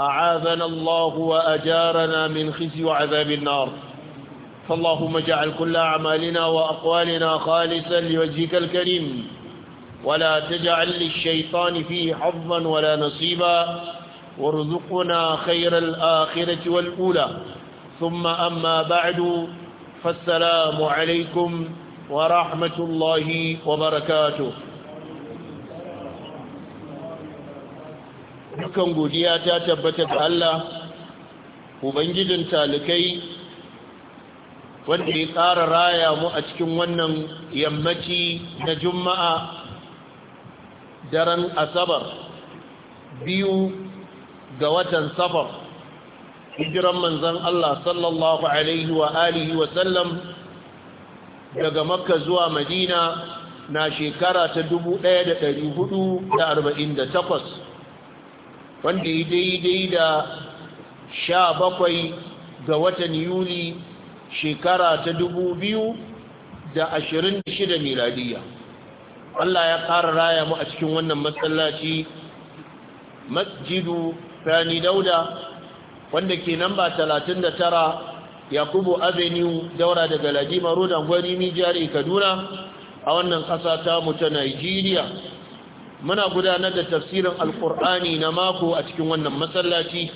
أعاذنا الله وأجارنا من خزي وعذاب النار فاللهم اجعل كل أعمالنا وأقوالنا خالصا لوجهك الكريم ولا تجعل للشيطان فيه حظا ولا نصيبا وارزقنا خير الآخرة والأولى ثم أما بعد فالسلام عليكم ورحمة الله وبركاته dukkan godiya ta tabbata ga Allah ubangijin talikai wanda ya ƙara raya mu a cikin wannan yammaci na juma'a daren asabar biyu ga watan safar hijiran manzan Allah sallallahu alaihi wa alihi wa sallam daga makka zuwa madina na shekara ta 1448 wanda ya daidai da sha bakwai ga watan yuli shekara ta dubu biyu da ashirin da shida miladiya Allah ya ƙara raya mu a cikin wannan matsalaci masjidu Fani dauda wanda ke namba talatin da tara yakubu avenue daura daga ladima road angwani mijari kaduna a wannan ƙasa ta mu ta muna gudanar da tafsirin alkur'ani na mako a cikin wannan masallaci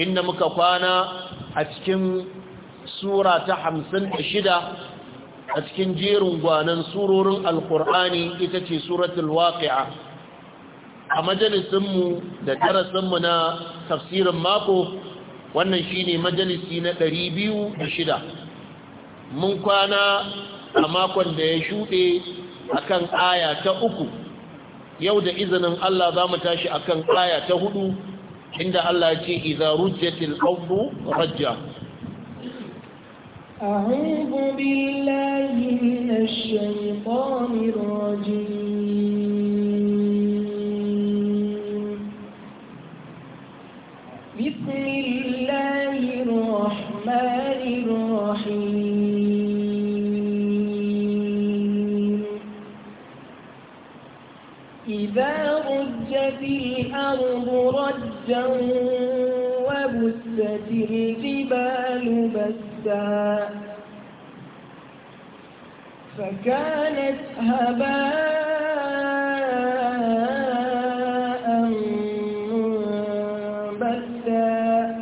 inda muka kwana a cikin sura ta hamsin da shida a cikin jerin gwanan surorin alkur'ani ita ce suratul waqi'a a majalisinmu da darasinmu na tafsirin mako wannan shine majalisi na ɗari biyu da shida. mun kwana a makon da ya shuɗe akan aya ta uku yau da izinin Allah za mu tashi a kan ƙaya ta hudu inda Allah ce iza rujjatil ardu rajja أعوذ بسم الله الرحمن إذا رجت الأرض رجا وبست الجبال بسا فكانت هباء منبثا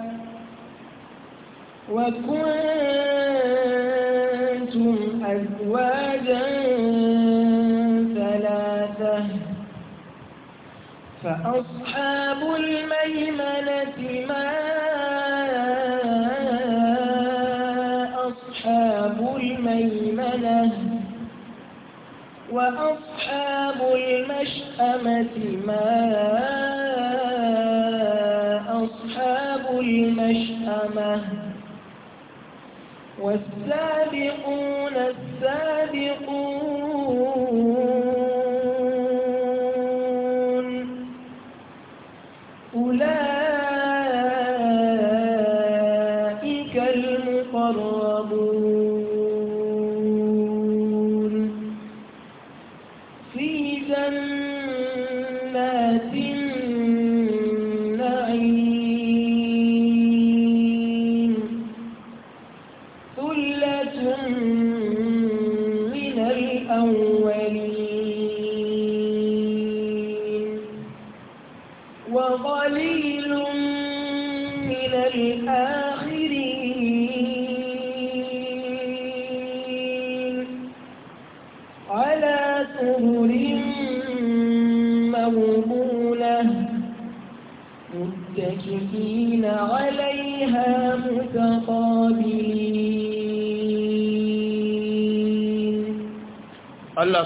وكنت أصحاب المشأمة ما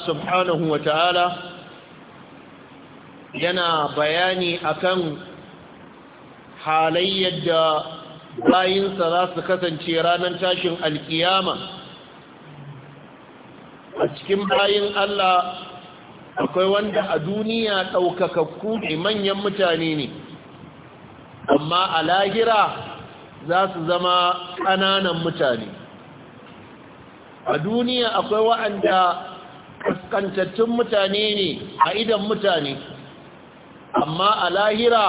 subhanahu wa ta'ala yana bayani akan halayyar da bayinsa za su kasance ranar tashin alkiyama a cikin bayin Allah akwai wanda a duniya ɗaukakakku ne manyan mutane ne amma a lahira za su zama ƙananan mutane a duniya akwai wa'anda kaskantattun mutane ne a idan mutane amma a lahira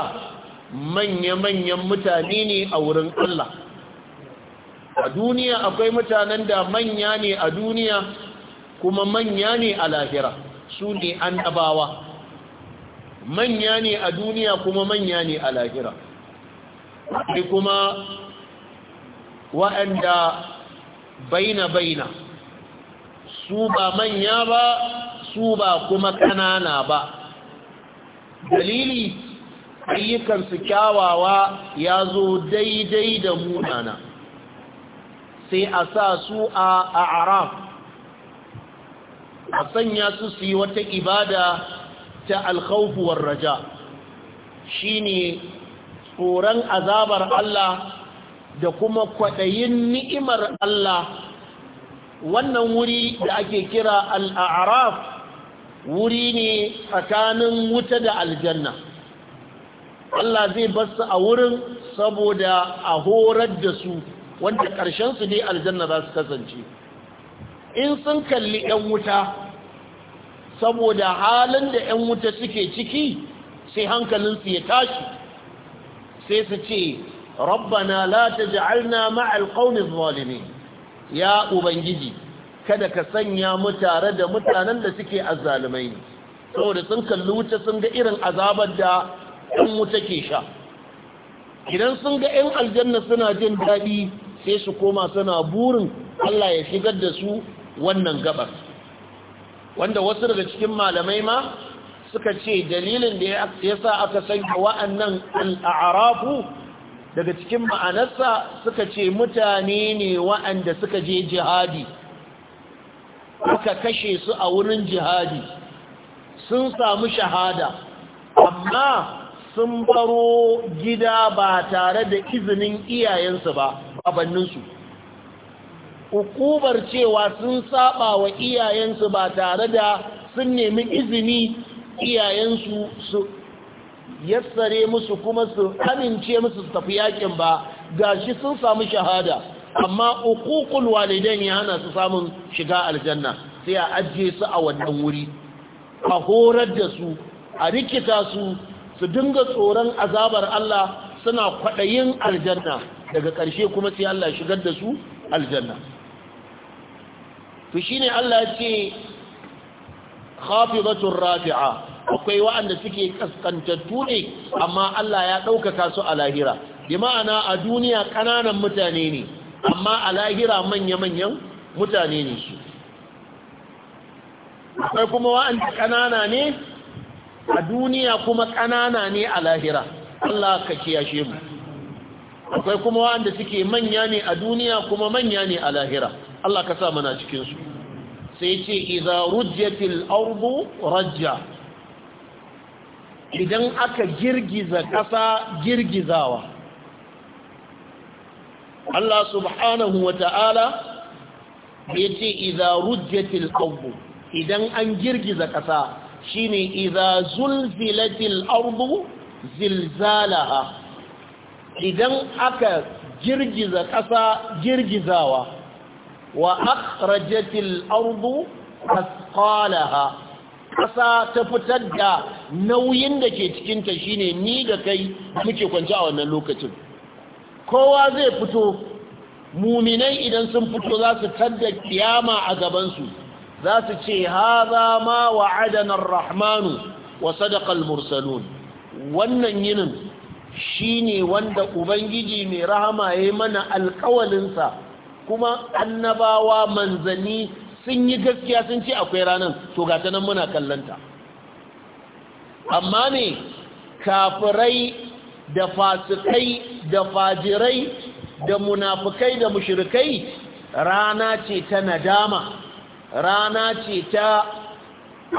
manya-manyan mutane ne a wurin Allah a duniya akwai mutanen da manya ne a duniya kuma manya ne a lahira su ne an annabawa manya ne a duniya kuma manya ne a lahira kuma waɗanda baina-baina su ba manya ba su ba kuma ƙanana ba dalili ayyukansu kyawawa ya zo daidai da munana sai a sa su a araf a sanya su su yi wata ibada ta alkhaufuwar raja shi ne tsoron azabar Allah da kuma kwaɗayin ni'imar Allah wannan wuri da ake kira al'araf wuri ne tsakanin wuta da aljanna Allah zai basu a wurin saboda a horar da su wanda ƙarshensu ne aljanna za su kasance in sun kalli 'yan wuta saboda halin da 'yan wuta suke ciki sai hankalinsu ya tashi sai su ce rabbana la ta ja'alna ma'al ƙaunin zalimin ya ubangiji kada ka sanya mu tare da mutanen da suke azzalumai saboda sun kalli wuta sun ga irin azabar da ɗan wuta ke sha idan sun ga 'yan aljanna suna jin daɗi sai su koma suna burin Allah ya shigar da su wannan gabar wanda wasu daga cikin malamai ma suka ce dalilin da ya sa aka sanya wa'annan al'arafu daga cikin ma'anarsa suka ce mutane ne waɗanda suka je jihadi suka kashe su a wurin jihadi sun samu shahada amma sun baro gida ba tare da izinin iyayensu ba babanninsu Hukumar cewa sun saba wa iyayensu ba tare da sun nemi izini iyayensu su yassare musu kuma su amince musu su tafi yakin ba Ga shi sun samu shahada amma uququl walidain ya hana su samun shiga aljanna sai a ajiye su a wannan wuri a horar da su a rikita su su dinga tsoron azabar Allah suna kwaɗayin aljanna daga ƙarshe kuma sai Allah shigar da su aljanna to shine Allah ya ce khafidatur rafi'a akwai wa'anda suke kaskantattu ne amma Allah ya ɗaukaka su a lahira bi ma'ana a duniya ƙananan mutane ne amma a lahira manya-manyan mutane ne shi. akwai kuma wa'anda ƙanana ne a duniya kuma ƙanana ne a lahira Allah ka kiyashe mu akwai kuma wa'anda suke manya ne a duniya kuma manya ne a lahira Allah ka sa mana cikinsu sai ce iza rujjatil ardu rajja idan aka girgiza ƙasa girgizawa Allah subhanahu wa ta'ala ya ce iza rujjatil ardu idan an girgiza ƙasa shine iza zulzilatil ardu zilzalaha idan aka girgiza ƙasa girgizawa wa akrajatil ardu asqalaha ƙasa ta fitar da nauyin da ke cikinta shine ni da kai muke kwanci a wannan lokacin kowa zai fito muminai idan sun fito za su tadda kiyama a gabansu za su ce haza ma wa'adanar rahmanu wa sadakal mursalun wannan yinin shine wanda ubangiji mai rahama ya mana alkawalinsa kuma annabawa manzanni sun yi gaskiya sun ce akwai ranar to ga ta nan muna kallanta amma ne kafirai da fasikai da fajirai da munafukai da mushirikai? rana ce ta nadama rana ce ta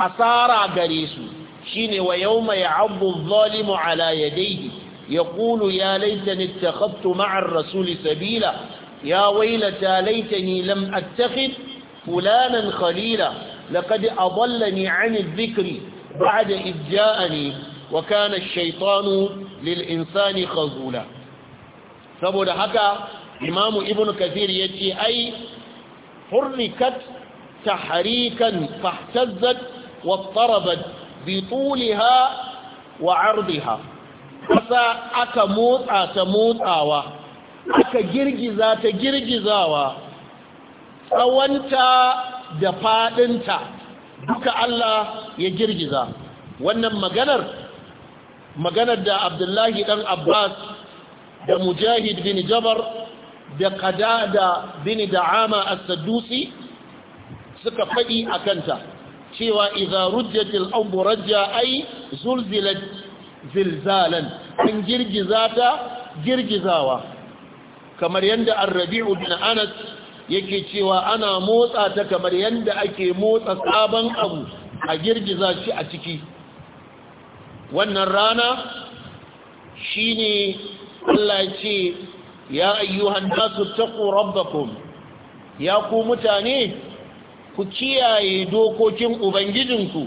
asara gare su shine wa yau mai adh-dhalimu ala yadayhi yaqulu ya laitani ittakhadtu ma'a ar-rasuli sabila ya waylata laitani lam attakhidh فلانا خليلا لقد أضلني عن الذكر بعد إذ جاءني وكان الشيطان للإنسان خذولا سبب حكى إمام ابن كثير يجي أي حركت تحريكا فاحتزت واضطربت بطولها وعرضها فسا أكا موت أتموت أوا أكا جرجزا تجرجزا tsawonta da faɗinta duka Allah ya girgiza wannan maganar maganar da abdullahi ɗan abbas da mujahid bin jabar da kadada bin da'ama as-saddusi suka faɗi a kanta cewa iza rujjatil abu rajja ai zulzilat zilzalan an girgiza ta girgizawa kamar yadda an rabiu bin anas yake cewa ana motsa ta kamar yadda ake motsa sabon abu a girgiza shi a ciki wannan rana shine Allah ce ya ayyuhan nasu taqu rabbakum ya ku mutane ku kiyaye dokokin ubangijinku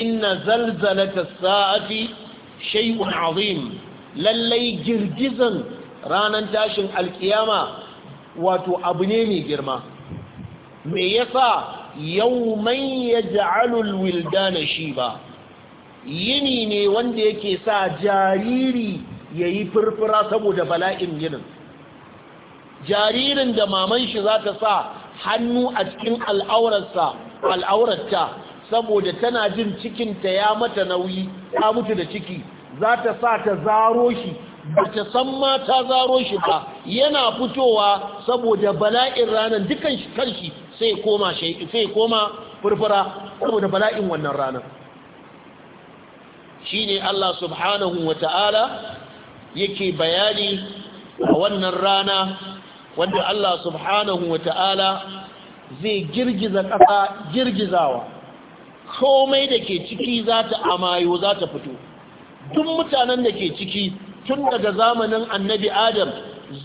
inna zalzalata sa'ati shay'un azim lallai girgizan ranan tashin alkiyama wato abu ne mai girma me yasa yawman na shi ba? yini ne wanda yake sa jariri yayi furfura saboda bala'in yinin jaririn da maman shi za ta sa hannu a cikin al'aurarsa al'aurarta saboda tana jin cikin ta ya mata nauyi ta mutu da ciki za ta sa ta zaro shi Bata san mata zaro shi ba yana fitowa saboda bala'in ranar dukan shi kanshi sai koma sai koma furfura saboda bala'in wannan ranar Shi ne Allah subhanahu wa ta'ala yake bayani a wannan rana wanda Allah subhanahu wa ta'ala zai girgiza ƙasa girgizawa komai da ke ciki za ta amayo za ta fito duk mutanen da ke ciki tun daga zamanin annabi adam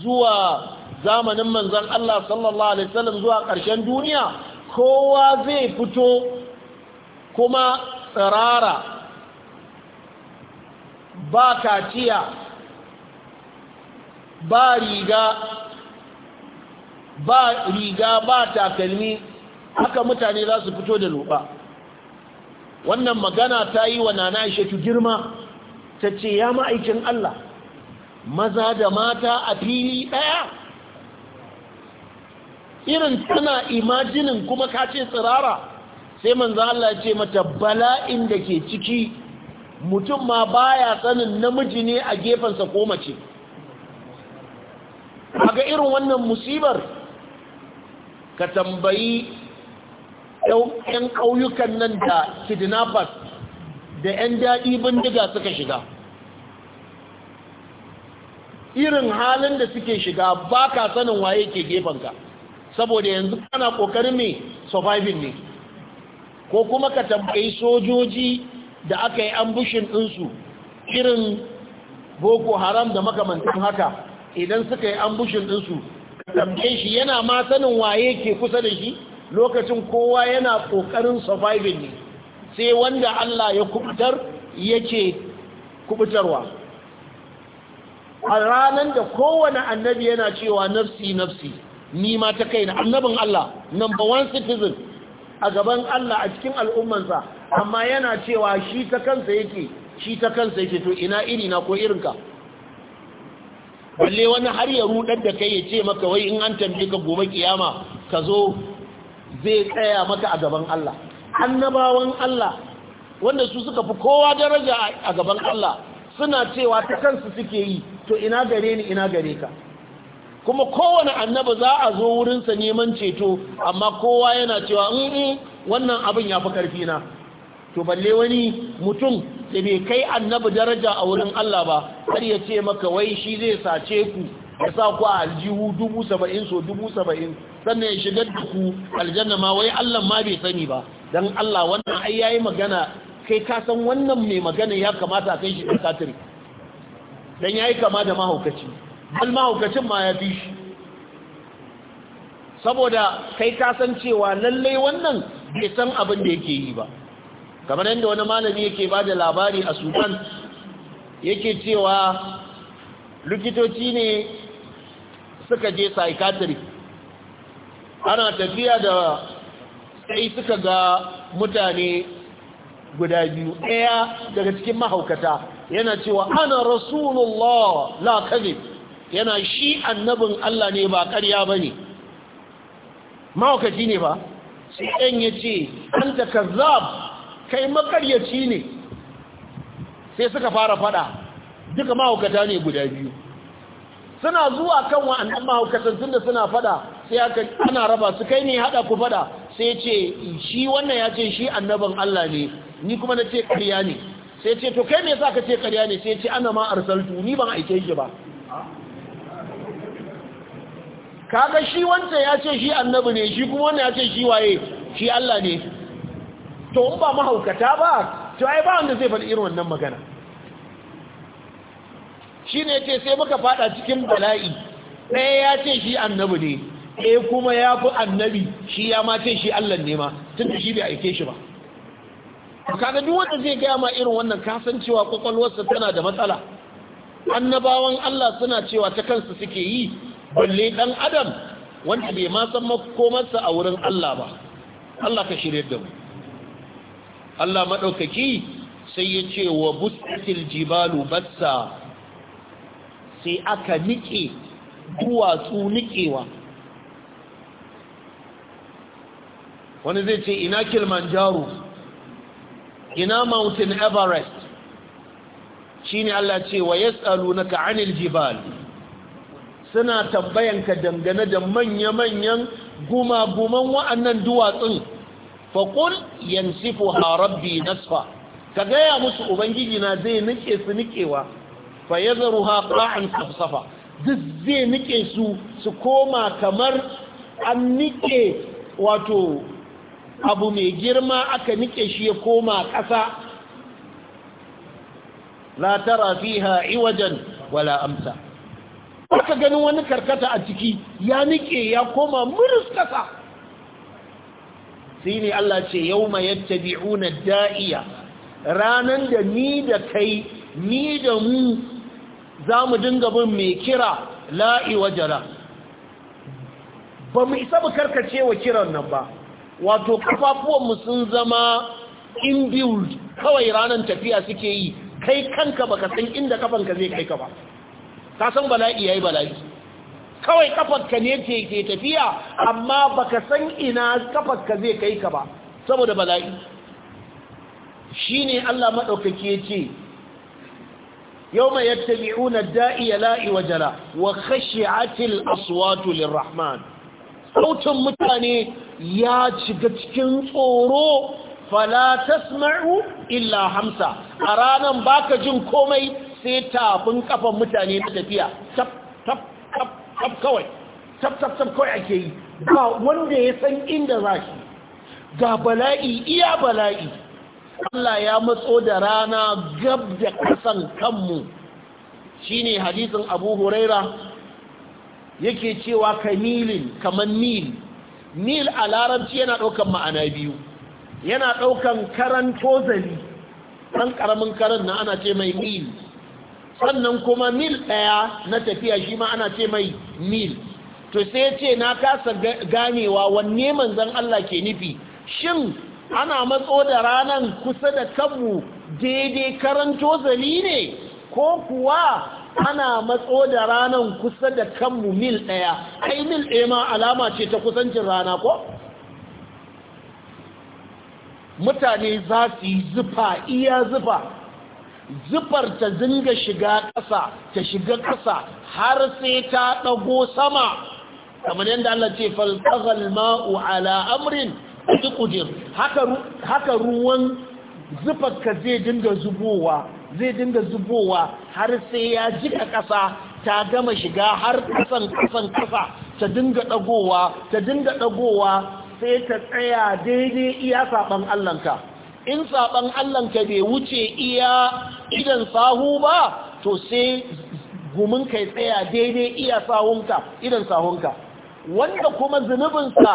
zuwa zamanin manzan Allah sallallahu alaihi wasallam zuwa ƙarshen duniya kowa zai fito kuma tsirara ba kaciya ba riga ba riga ba takalmi haka mutane za su fito da loba wannan magana ta yi wa nana aishatu girma ta ce ya ma'aikin Allah maza da mata a fili ɗaya irin tana imajinin kuma ka ce tsirara sai manzan Allah ce mata bala'in da ke ciki mutum ma baya sanin namiji ne a gefensa ko mace ga irin wannan musibar ka tambayi yan ƙauyukan nan da kidnappers da 'yan daɗi bindiga suka shiga irin halin da suke shiga ba ka sanin waye ke ka saboda yanzu kana kokarin mai surviving ne ko kuma ka tambayi sojoji da aka yi ambushin ɗinsu irin boko haram da makamantan haka idan suka yi ambushin ɗinsu ka tambaye shi yana ma sanin waye ke kusa da shi lokacin kowa yana kokarin surviving ne sai wanda Allah ya kubutar yake kubutarwa a ranar da kowane annabi yana cewa nafsi nafsi ni ma ta kaina annabin Allah number one citizen a gaban Allah a cikin al'ummansa amma yana cewa shi ta kansa yake shi ta kansa yake to ina iri na ko irinka balle wani har ya rudar da kai ya ce maka wai in an tambaye ka gobe kiyama ka zo zai tsaya maka a gaban Allah annabawan Allah wanda su suka fi kowa daraja a gaban Allah suna cewa ta kansu suke yi to ina gare ni ina gare ka kuma kowane annaba za a zo wurinsa neman ceto amma kowa yana cewa in mm, mm, wannan abin ya fi ƙarfi na to balle wani mutum da bai kai annaba daraja a wurin Allah ba har ya ce maka wai shi zai sace ku ya sa ku a aljihu dubu saba'in so dubu saba'in sannan ya shigar da ku aljanna ma wai Allah ma bai sani ba don Allah wannan ai yayi magana kai ka san wannan mai magana ya kamata a kai shi da katiri dan yi kama da mahaukaci bal mahaukacin ma ya fi shi saboda kai ka san cewa lallai wannan bai san abin da yake yi ba kamar yadda wani malami yake ba da labari a sudan yake cewa likitoci ne suka je psychiatric ana tafiya da sai suka ga mutane guda biyu ɗaya daga cikin mahaukata yana cewa ana rasulullah la kadhib yana shi annabin Allah ne ba ƙarya bane mawakaci ne ba sai ɗan ya ce an ta kazzab kai makaryaci ne sai suka fara fada duka mahaukata ne guda biyu suna zuwa kan wa'annan mahaukatan tunda suna fada sai aka ana raba su kai ne hada ku fada sai ce shi wannan ya ce shi annabin Allah ne ni kuma na ce ƙarya ne sai ce to kai me yasa ka ce ƙarya ne sai ce ana ma arsaltu ni ban aike shi ba kaga shi wancan ya ce shi annabi ne shi kuma wannan ya ce shi waye shi Allah ne to in ba mahaukata ba to ai ba wanda zai faɗi irin wannan magana shi ne ce sai muka fada cikin bala'i ɗaya ya ce shi annabi ne ɗaya kuma ya fi annabi shi ya ma ce shi Allah ne ma tun da shi bai aike shi ba kaga duk wanda zai gaya ma irin wannan kasancewa kwakwalwarsa tana da matsala annabawan Allah suna cewa ta kansu suke yi balle dan adam wanda bai ma san makomarsa a wurin Allah ba Allah ka shirye da mu Allah madaukaki sai ya ce wa busatil jibalu bassa sai aka nike duwatsu nikewa wani zai ce ina kilmanjaro ina mountain everest shine Allah ce wa yas'alunaka 'anil jibal suna tambayanka dangane da manya-manyan guma-guman wa'annan duwatsun faqul yansifuha rabbi nasfa ka gaya musu ubangiji na zai nike su nikewa fa yadharuha qa'an safsafa duk zai nike su su koma kamar an nike wato abu mai girma aka nike shi ya koma ƙasa la tara fiha iwajan wala amsa aka ganin wani karkata a ciki ya nike ya koma murus ƙasa sai ne Allah ce yau ma yattabi'una da'iya ranan da ni da kai ni da mu za mu dinga bin mai kira la'i wajara ba mu isa mu karkace kiran nan ba wato kafafuwanmu sun zama inbuild kawai ranar tafiya suke yi kai kanka baka san inda kafanka zai kai ka ba ka san bala'i yayi bala'i kawai kafarka ne ce ke tafiya amma baka san ina kafarka zai kai ka ba saboda bala'i shine Allah madaukaki yace yawma yattabi'una ad-da'iya la'i wajala wa khashi'atil aswatu lirrahman sautin mutane ya shiga cikin tsoro fala tasma'u illa hamsa a ranan baka jin komai sai tafin kafan mutane na tafiya tap tap tap tap kawai tap tap tap kawai ake yi ba wanda ya san inda za shi ga bala'i iya bala'i Allah ya matso da rana gab da kasan kanmu shine hadisin Abu Huraira yake cewa kamilin kamar nil nil a larabci yana ɗaukan ma'ana biyu yana ɗaukan karan tozali ɗan ƙaramin karan na ana ce mai nil sannan kuma mil ɗaya na tafiya shi ma ana ce mai mil to sai ce na kasa ganewa wanne manzan Allah ke nufi shin ana matso da ranan kusa da kanmu daidai karan tozali ne ko kuwa ana matso da ranan kusa da kanmu mil ɗaya ai mil ɗaya ma alama ce ta kusancin rana ko mutane za su yi zufa iya zufa zufar ta zinga shiga ƙasa ta shiga ƙasa har sai ta ɗago sama kamar yadda Allah ce falƙazal ma'u ala amrin ƙudir haka ruwan zufar ka zai dinga zubowa zai dinga zubowa har sai ya jika ƙasa ta gama shiga har ƙasan ƙasan ƙasa ta dinga ɗagowa ta dinga ɗagowa sai ta tsaya daidai iya saɓan allanka in saɓan allanka bai wuce iya idan sahu ba to sai gumin kai tsaya daidai iya sahunka idan sahunka wanda kuma zunubinsa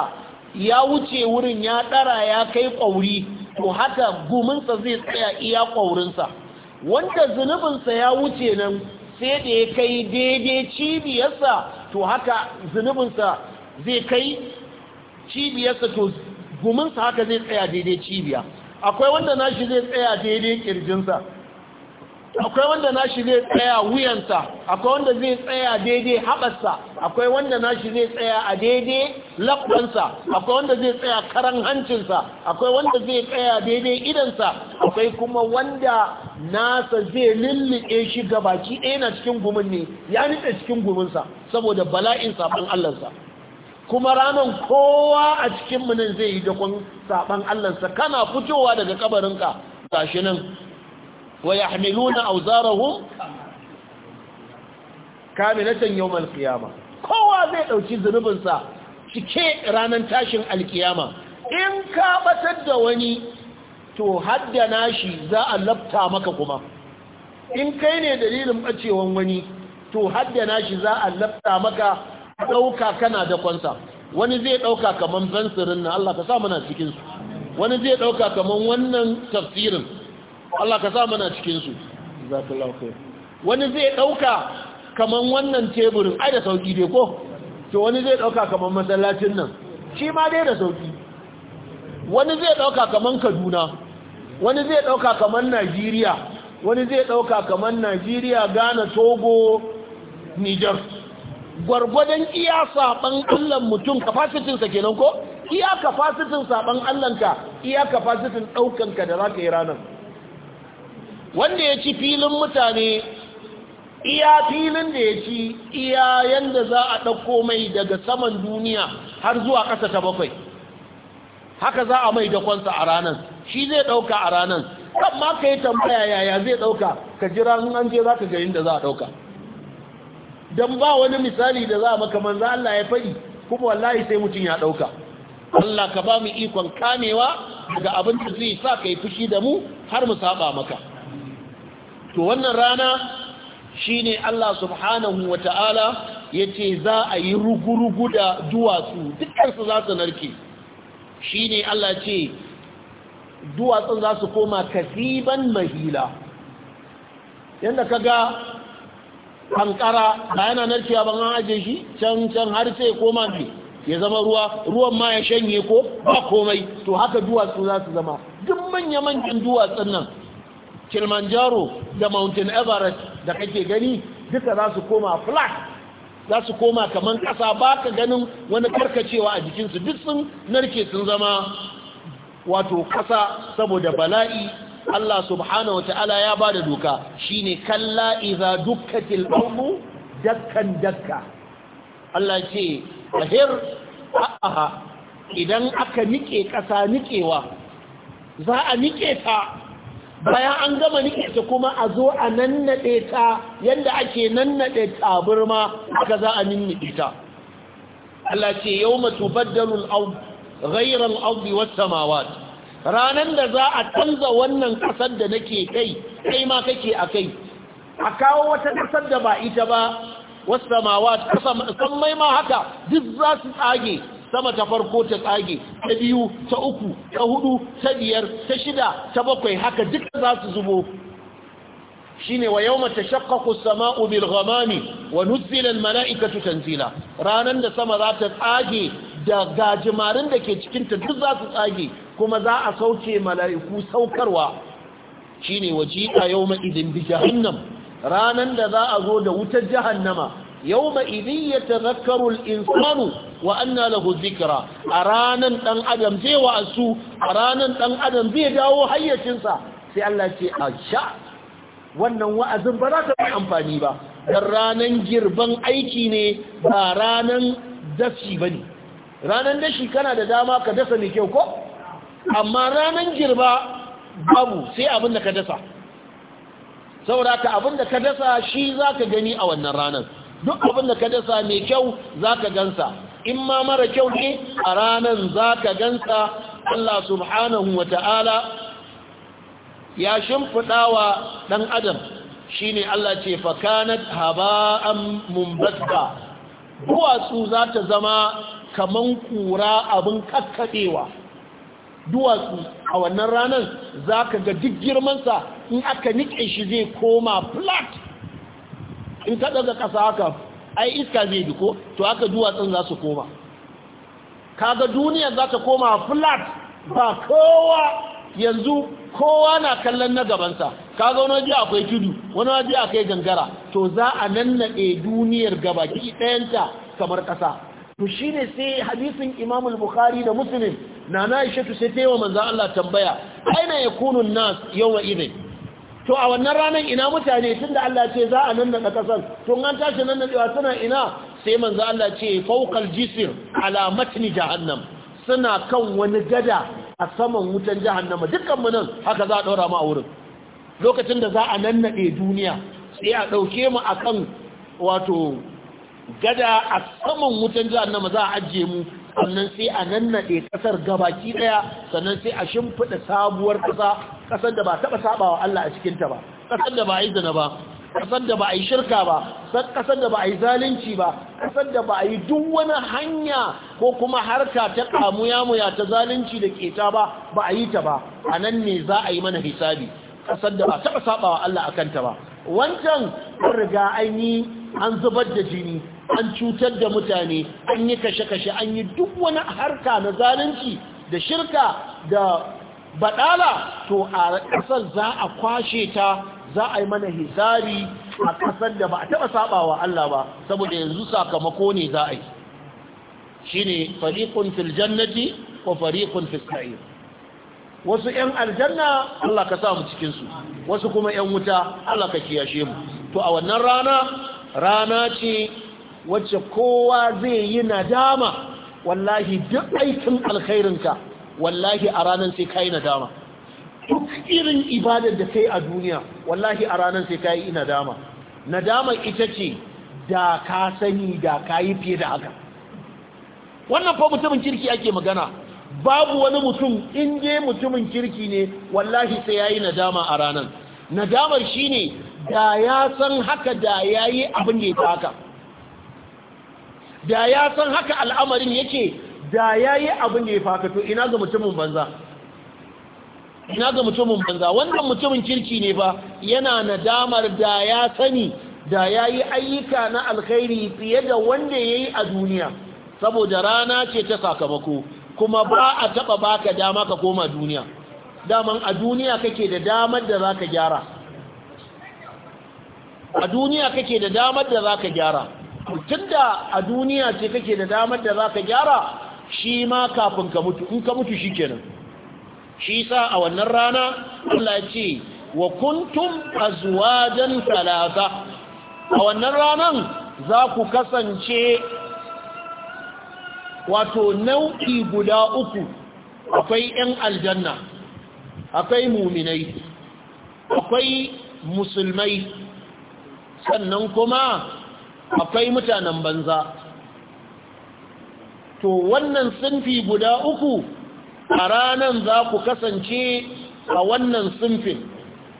ya wuce wurin ya ɗara ya kai ƙauri to haka guminsa zai tsaya iya ƙaurinsa wanda zunubinsa ya wuce nan sai da ya kai daidai cibiyarsa to haka zunubinsa zai kai cibiyarsa to guminsa haka zai tsaya daidai cibiya akwai wanda nashi zai tsaya daidai kirjinsa akwai wanda nashi zai tsaya wuyansa akwai wanda zai tsaya daidai haɓarsa akwai wanda nashi zai tsaya a daidai labbansa akwai wanda zai tsaya karan hancinsa akwai wanda zai tsaya daidai idansa akwai kuma wanda nasa zai lullube shi ga baki ɗaya na cikin gumin ne ya nitsa cikin guminsa saboda bala'in saɓan allansa kuma ranar kowa a cikin munin zai yi dakon saɓan allansa kana fitowa daga kabarinka gashi nan wa yahmiluna awzarahum kamilatan yawmal qiyama kowa zai dauki zunubinsa cike ranar tashin alkiyama in ka batar da wani to haddana shi za a lafta maka kuma in kai ne dalilin bacewan wani to haddana shi za a lafta maka dauka kana da kwansa wani zai dauka kaman bansirin na Allah ka sa muna cikin su wani zai dauka kaman wannan tafsirin Allah ka sa mana cikinsu wani zai ɗauka kaman wannan teburin ai da sauki dai ko to wani zai ɗauka kamar masallacin nan shi ma dai da sauki wani zai ɗauka kamar kaduna wani zai ɗauka kamar najeriya wani zai ɗauka kaman najeriya ghana togo niger gwargwadon iya saɓan allon mutum kafasitinsa kenan ko iya kafasitin saɓan allonka iya kafasitin ɗaukanka da za ka yi ranar wanda ya ci filin mutane iya filin da ya ci iya yadda za a ɗauko mai daga saman duniya har zuwa ƙasa ta bakwai haka za a mai dakonsa a ranar shi zai ɗauka a ranar kan ma ka yi tambaya yaya zai ɗauka ka jira an je za ka ga da za a ɗauka don ba wani misali da za a makaman za Allah ya faɗi kuma wallahi sai mutum ya ɗauka Allah ka ba mu ikon kamewa daga abin da zai sa ka yi fushi da mu har mu saba maka to wannan rana shine Allah subhanahu wata'ala yace za a yi rugurugu da duwatsu dukkansu za su narke shine Allah ce duwatsun za su koma kasiban mahila yanda kaga kankara ba yana narkewa ban an aje shi can can har sai koma ne ya zama ruwa ruwan ma ya shanye ko ba komai to haka duwatsu za su zama duk manya-manyan duwatsun nan kilimanjaro da mountain everest da kake gani duka za su koma flat za su koma kamar kasa ba ka ganin wani karkacewa a jikinsu duk sun narke sun zama wato kasa saboda bala'i Allah subhanahu wa ta'ala ya ba da doka shi ne kalla iza dukkatil ɓaunu dakkan dakka Allah ce ahir aha idan aka nike ƙasa nikewa za a nike ta bayan an gama niƙe kuma a zo a nannaɗe ta yadda ake nannaɗe taburma aka za a ninniɗe ta Allah ce yau matu baddalul aub ghairar aubi wata ranar da za a canza wannan ƙasar da nake kai kai ma kake a kai a kawo wata ƙasar da ba ita ba wasu mawat ƙasar mai ma haka duk za su tsage sama ta farko ta tsage ta biyu ta uku ta hudu ta biyar ta shida ta bakwai haka duka za su zubo ne wa yau mata as-sama'u bil ghamami wa nuzila mala'ika malaikatu ranan da sama za ta tsage da gajimarin da ke cikin ta duk za su tsage kuma za a sauke mala'iku saukarwa shine waji'a yawma idin bi jahannam ranan da za a zo da wutar jahannama Yau idin yatadhakkaru al-insanu wa anna lahu dhikra a ranan dan adam zai wa'asu a ranan dan adam zai dawo hayyacinsa sai Allah ce asha wannan wa'azin ba za ta yi amfani ba dan ranan girban aiki ne ba ranan dashi bane ranan dashi kana da dama ka dasa ne kyau ko amma ranan girba babu sai abin da ka dasa saboda ka abin da ka dasa shi za ka gani a wannan ranar duk abin da ka dasa mai kyau za ka gansa in ma mara kyau ne a ranan za ka gansa Allah subhanahu wa ta'ala ya shimfiɗa wa ɗan adam shi ne Allah ce fakanat haba'an mumbatta duwatsu za ta zama kaman kura abin kakkaɗewa duwatsu a wannan ranar za ka ga duk girmansa in aka niƙe shi zai koma flat in ka daga ƙasa haka ai iska zai duko to aka duwatsun za su koma kaga duniya za ta koma flat ba kowa yanzu kowa na kallon na gabansa kaga wani waje akwai tudu wani waje akwai gangara to za a nannaɗe duniyar gaba ki ɗayanta kamar ƙasa to ne sai hadisin imamul al-bukhari da muslim na na sai ta yi wa manzan Allah tambaya aina kunun nas yawma irin to a wannan ranar ina mutane tun da Allah ce za a nan da kasar to an tashi nan da suna ina sai manzo Allah ce fawqal jisir ala matni jahannam suna kan wani gada a saman wutan jahannama dukkan mu nan haka za a daura mu a wurin lokacin da za a nannade duniya sai a dauke mu akan wato gada a saman wutan jahannama za a ajiye mu sannan sai a nannade kasar gabaki daya sannan sai a shimfida sabuwar kasa kasar da ba taɓa sabawa Allah a cikinta ba kasar da ba a yi zina ba kasar da ba a yi shirka ba kasar da ba a yi zalunci ba kasar da ba a yi duk wani hanya ko kuma harka ta kamuya-muya ta zalunci da keta ba ba a yi ta ba a nan ne za a yi mana hisabi kasar da ba taɓa sabawa Allah a kanta ba wancan an riga an yi an zubar da jini an cutar da mutane an yi kashe-kashe an yi duk wani harka na zalunci da shirka da baɗala to a ƙasar za a kwashe ta za a yi mana hisari a ƙasar da ba a taɓa saɓawa Allah ba saboda yanzu sakamako ne za a yi shi ne fariƙun fil ko fariƙun fil wasu 'yan aljanna Allah ka samu cikinsu wasu kuma 'yan wuta Allah ka kiyashe mu to a wannan rana rana ce wacce kowa zai yi nadama wallahi duk aikin alkhairinka wallahi a ranar sai kayi nadama duk irin ibadar da kai a duniya wallahi a ranar sai kayi nadama nadama ita ce da ka sani da yi fiye da haka wannan fa mutumin kirki ake magana babu wani mutum in je mutumin kirki ne wallahi sai yayi nadama a ranar nadamar shine da ya san haka da yayi abin da ya haka da ya san haka al'amarin yake da ya yi abin da ya fakato, ina ga mutumin banza ina ga mutumin banza wannan mutumin kirki ne ba yana nadamar da ya sani da ya yi ayyuka na alkhairi fiye da wanda ya yi a duniya saboda rana ce ta sakamako kuma ba a taba baka dama ka koma duniya daman a duniya kake da damar da za ka gyara a duniya kake da damar da za ka gyara da a duniya ce kake da damar da za ka gyara shi ma kafin ka mutu in ka mutu shi kenan shi sa a wannan rana Allah ya ce wa kuntum azwajan talata a wannan ranan za ku kasance wato nau'i guda uku akwai 'yan aljanna akwai muminai akwai musulmai sannan kuma akwai mutanen banza to wannan sunfi guda uku a ranan za ku kasance a wannan sunfin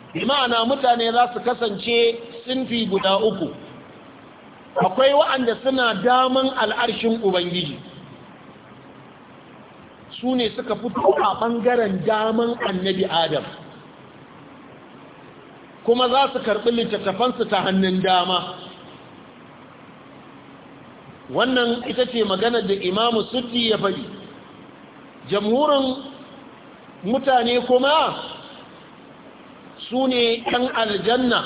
Imana mutane za su kasance sunfi guda uku akwai wa'anda suna daman al'arshin ubangiji su ne suka fito a ɓangaren daman annabi adam kuma za su karɓi littattafansu ta hannun dama wannan ita ce maganar da imamu suddi ya faɗi jamhurin mutane kuma su ne 'yan aljanna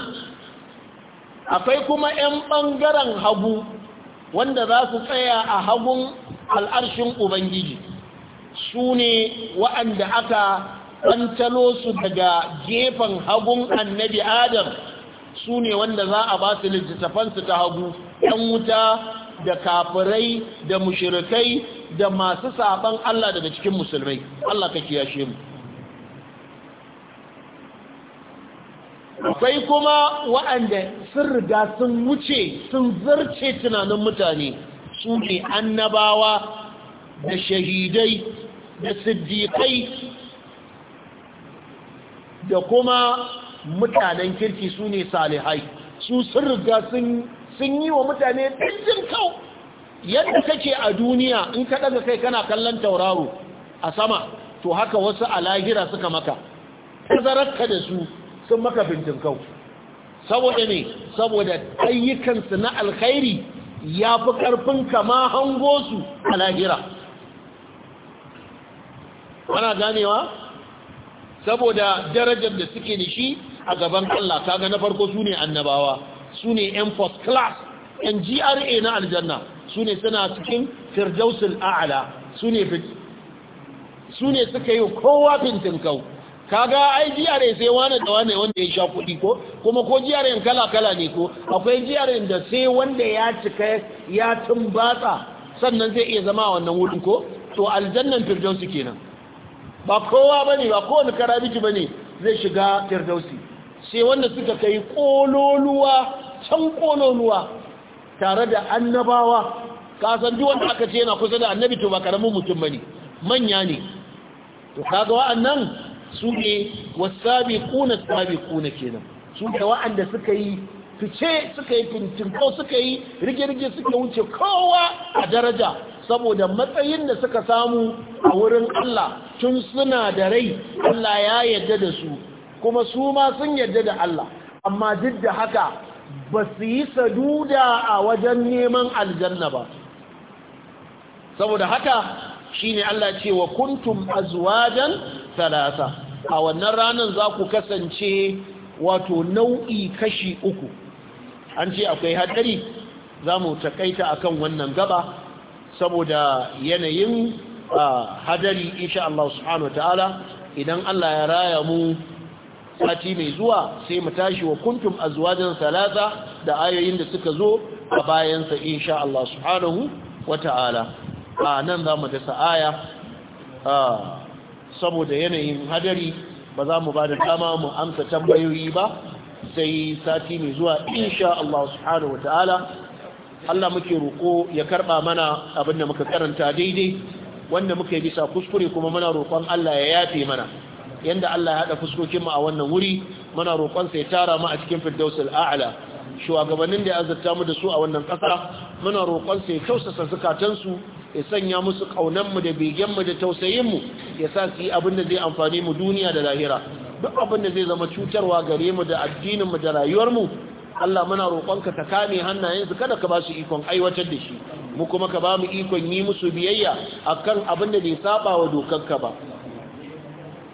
akwai kuma 'yan ɓangaren hagu wanda za su tsaya a hagun al'arshin ubangiji su ne wa'anda aka ɗantalo su daga gefen hagun annabi adam su ne wanda za a ba su littattafansu ta hagu 'yan wuta da kafirai da mushirikai da masu saban Allah daga cikin musulmai Allah ka kiyashe mu akwai kuma waɗanda sun riga sun wuce sun zarce tunanin mutane su ne annabawa da shahidai da siddiƙai da kuma mutanen kirki su ne salihai su sun riga sun sun yi wa mutane ɗin kau yadda kake a duniya in ka ɗaga kai kana kallon tauraro a sama to haka wasu a suka maka tazararka da su sun maka bincin kau saboda ne saboda ayyukansu na alkhairi ya fi ƙarfin kama hango su a lahira ganewa saboda darajar da suke da shi a gaban Allah kaga na farko su ne annabawa su ne yan first class yan gra na aljanna su ne suna cikin firdausul a'ala su ne suka yi kowa fintin kau kaga ai gra sai wane da wane wanda ya sha kudi ko kuma ko gra kala-kala ne ko akwai gra da sai wanda ya cika ya tumbatsa sannan zai iya zama wannan wurin ko to aljannan firdausi kenan ba kowa ba ne ba kowane karabiki ne zai shiga firdausi sai wanda suka kai kololuwa can ƙononuwa tare da annabawa kasan duk wanda aka ce yana kusa da annabi to ba karamin mutum bane manya ne to kaga wa'annan su ne wasabiquna sabiquna kenan su da wa'anda suka yi fice suka yi ko suka yi rige-rige suka wuce kowa a daraja saboda matsayin da suka samu a wurin Allah tun suna da rai Allah ya yarda da su kuma su ma sun yarda da Allah amma duk da haka ba su yi saduda a wajen neman aljanna ba saboda haka shine Allah ce wa kuntum azwajan talata a wannan ranar za ku kasance wato nau'i kashi uku an ce akwai hadari za mu takaita kan wannan gaba saboda yanayin ah, hadari insha Allah su wa ta'ala idan Allah ya raya mu sati mai zuwa sai mu tashi wa kuntum azwajan salasa da ayoyin da suka zo a bayansa insha Allah subhanahu wata'ala a nan za mu dasa aya saboda yanayin hadari ba za mu ba da dama mu amsa tambayoyi ba sai sati mai zuwa insha Allah subhanahu wata'ala Allah muke roko ya karba mana abin da muka karanta daidai wanda muka yi bisa kuskure kuma muna roƙon Allah ya yafe mana yanda Allah ya hada fuskokin mu a wannan wuri muna roƙon sa ya tara mu a cikin firdausul a'la shugabannin da ya azurta mu da su a wannan ƙasa muna roƙon sa ya tausasa zukatansu ya sanya musu kaunan mu da begen mu da tausayin mu ya sa su yi abin da zai amfani mu duniya da lahira duk abin da zai zama cutarwa gare mu da addinin mu da rayuwarmu, Allah muna ka ta kame hannayensu kada ka ba su ikon aiwatar da shi mu kuma ka ba mu ikon yi musu biyayya akan abin da bai saba wa dokarka ba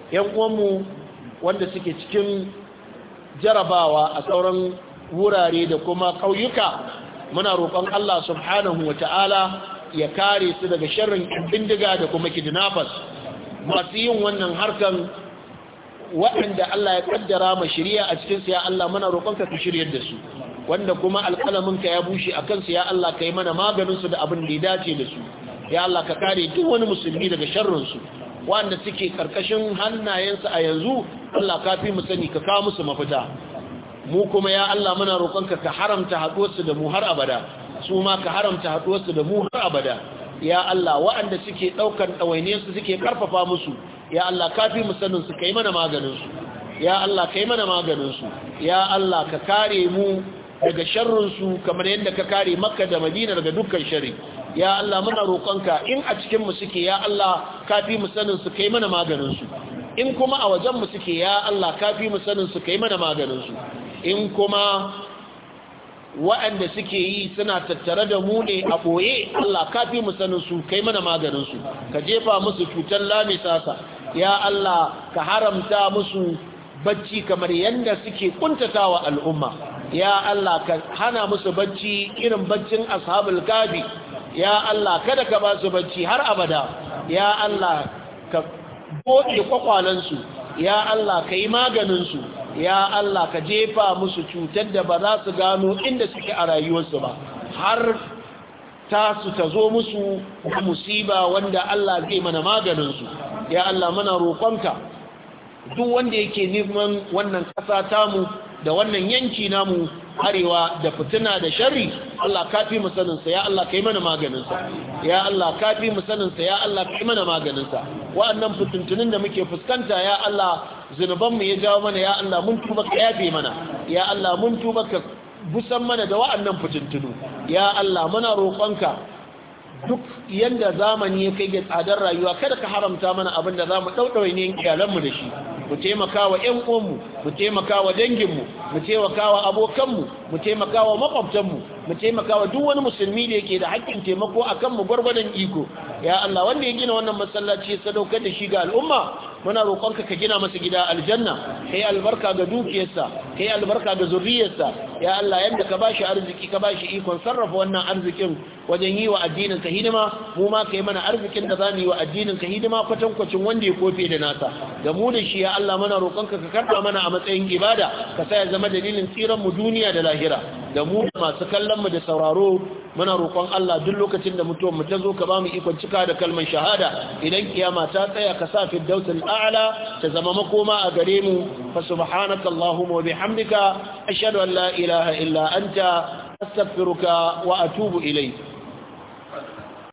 yan uwanmu wanda suke cikin jarabawa a sauran wurare da kuma ƙauyuka muna roƙon Allah subhanahu wa ta'ala ya kare su daga sharrin bindiga da kuma kidnappers masu yin wannan harkan waɗanda Allah ya ƙaddara ma shirya a cikin ya Allah muna roƙon ka shiryar da su wanda kuma alƙalamin ka ya bushe a kansu ya Allah ka yi mana maganin su da abin da ya dace da su ya Allah ka kare duk wani musulmi daga sharrin su wanda suke karkashin hannayensu a yanzu Allah ka fi mu sani ka kawo musu mafita mu kuma ya Allah muna roƙonka ka haramta haɗuwarsu da mu har abada su ma ka haramta haɗuwarsu da mu har abada ya Allah waɗanda suke ɗaukar ɗawainiyarsu suke ƙarfafa musu ya Allah ka fi mu sanin su kai mana maganin su ya Allah kai mana maganin su ya Allah ka kare mu daga sharrin su kamar yadda ka kare Makka da Madina daga dukkan sharri ya Allah muna roƙonka in a cikin mu suke ya Allah ka fi mu sanin kai mana maganin in kuma a wajen mu suke ya Allah ka fi mu sanin kai mana maganin in kuma waɗanda suke yi suna tattare da mu ne a ɓoye Allah ka fi mu sanin kai mana maganin ka jefa musu cutar lamisasa ya Allah ka haramta musu bacci kamar yadda suke kuntatawa al'umma ya Allah ka hana musu bacci irin baccin ashabul kafi ya Allah kada ka ba su bacci har abada ya Allah ka buɗe kwakwalansu ya Allah ka yi maganinsu ya Allah ka jefa musu cutar da ba za su gano inda suke a rayuwarsu ba har su ta zo musu musiba wanda Allah zai mana maganinsu ya Allah mana roƙonta. duk wanda yake neman wannan ƙasa tamu da wannan yanki namu arewa da fitina da sharri Allah kafi mu sanin sa ya Allah kai mana maganin sa ya Allah kafi mu sanin sa ya Allah kai mana maganin sa wa'annan fitintunin da muke fuskanta ya Allah zinuban mu ya jawo mana ya Allah mun tuba ka yafe mana ya Allah mun tuba ka busan mana da wa'annan fitintunu ya Allah muna roƙonka duk yanda zamani ya kai ga tsadar rayuwa kada ka haramta mana abin da za mu ɗauɗaure ne iyalanmu da shi mu taimaka wa ƴan uwanmu mu taimaka wa danginmu mu taimaka wa abokanmu mu taimaka wa makwabtanmu mu taimaka wa duk wani musulmi da yake da haƙƙin taimako akan mu gwargwadon iko ya Allah wanda ya gina wannan masallaci ya sadaukar da shi ga al'umma muna roƙonka ka gina masa gida aljanna kai albarka ga dukiyarsa kai albarka ga zuriyarsa ya Allah yanda ka bashi arziki ka bashi ikon sarrafa wannan arzikin wajen yi wa addinin ka hidima mu ma kai mana arzikin da zamu yi wa addinin ka hidima kwatankwacin wanda ya kofe da nasa da mu da shi ya Allah muna roƙonka ka karba mana a matsayin ibada ka sa ya zama dalilin tsiran mu duniya da lahira da mu da masu kallon kallonmu da sauraro muna roƙon Allah duk lokacin da mutuwar mu ta zo ka ba mu ikon cika da kalman shahada idan kiyama ta tsaya ka sa firdausul a'la ta zama makoma a gare mu fa subhanaka allahumma wa bihamdika ashhadu an la ilaha illa anta astaghfiruka wa atubu ilayk